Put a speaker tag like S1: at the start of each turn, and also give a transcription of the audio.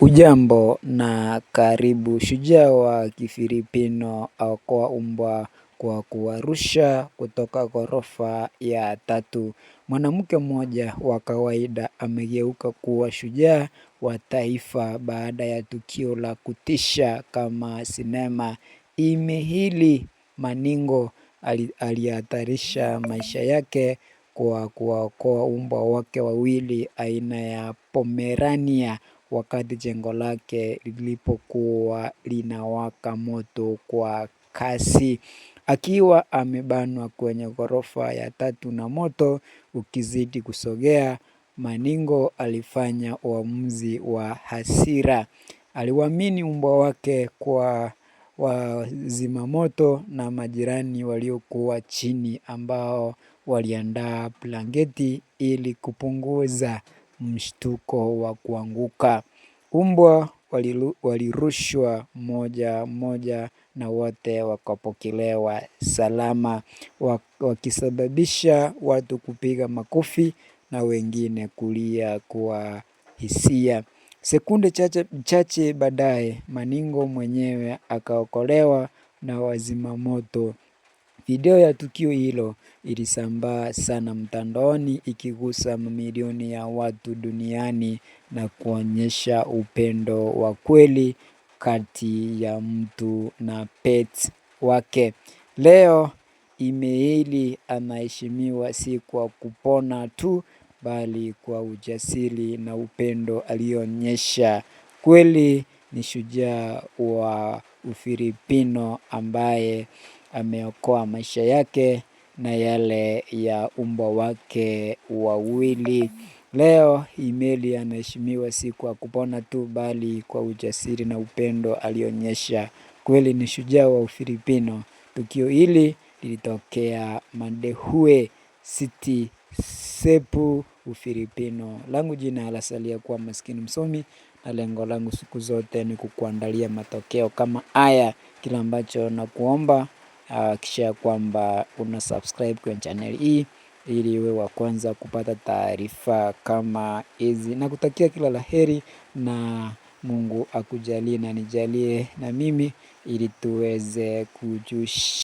S1: ujambo na karibu shujaa wa Kifilipino aokoa mbwa kwa kuwarusha kutoka ghorofa ya tatu. Mwanamke mmoja wa kawaida amegeuka kuwa shujaa wa taifa baada ya tukio la kutisha kama sinema. Imehili Maningo alihatarisha maisha yake kwa kuwaokoa mbwa wake wawili aina ya Pomerania wakati jengo lake lilipokuwa linawaka moto kwa kasi akiwa amebanwa kwenye ghorofa ya tatu na moto ukizidi kusogea, Maningo alifanya uamuzi wa hasira. Aliwaamini mbwa wake kwa wazima moto na majirani waliokuwa chini ambao waliandaa blanketi ili kupunguza mshtuko wa kuanguka. Mbwa walirushwa moja mmoja na wote wakapokelewa salama, wakisababisha watu kupiga makofi na wengine kulia kwa hisia. Sekunde chache baadaye, Maningo mwenyewe akaokolewa na wazimamoto Video ya tukio hilo ilisambaa sana mtandaoni ikigusa mamilioni ya watu duniani na kuonyesha upendo wa kweli kati ya mtu na pet wake. Leo imeili anaheshimiwa si kwa kupona tu bali kwa ujasiri na upendo alionyesha. Kweli ni shujaa wa Ufilipino ambaye ameokoa maisha yake na yale ya umbwa wake wawili. Leo Email anaheshimiwa si kwa kupona tu bali kwa ujasiri na upendo alionyesha. Kweli ni shujaa wa Ufilipino. Tukio hili lilitokea Madehue City Sepu, Ufilipino. Langu jina alasalia kuwa Maskini Msomi na lengo langu siku zote ni kukuandalia matokeo kama haya. kila ambacho nakuomba Hakikisha kwamba una subscribe kwenye channel hii ili uwe wa kwanza kupata taarifa kama hizi. Nakutakia kila laheri na Mungu akujalie na nijalie na mimi ili tuweze kujush